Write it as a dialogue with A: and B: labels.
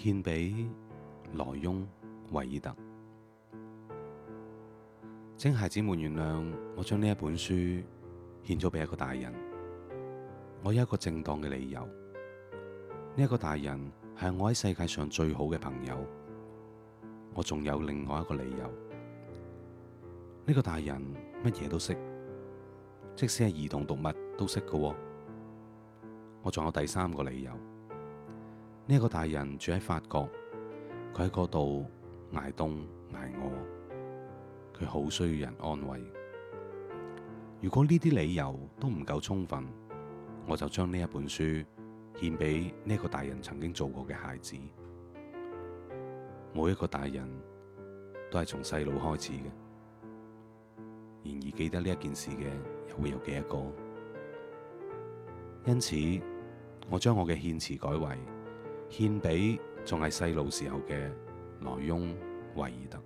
A: 獻俾羅翁維爾特，請孩子們原諒我將呢一本書獻咗俾一個大人。我有一個正當嘅理由，呢、這、一個大人係我喺世界上最好嘅朋友。我仲有另外一個理由，呢、這個大人乜嘢都識，即使係兒童讀物都識嘅。我仲有第三個理由。呢一個大人住喺法國，佢喺嗰度挨凍挨餓，佢好需要人安慰。如果呢啲理由都唔夠充分，我就將呢一本書獻畀呢一個大人曾經做過嘅孩子。每一個大人，都係從細路開始嘅。然而記得呢一件事嘅，又會有幾多個？因此，我將我嘅獻詞改為。獻俾仲係細路時候嘅萊翁維爾特。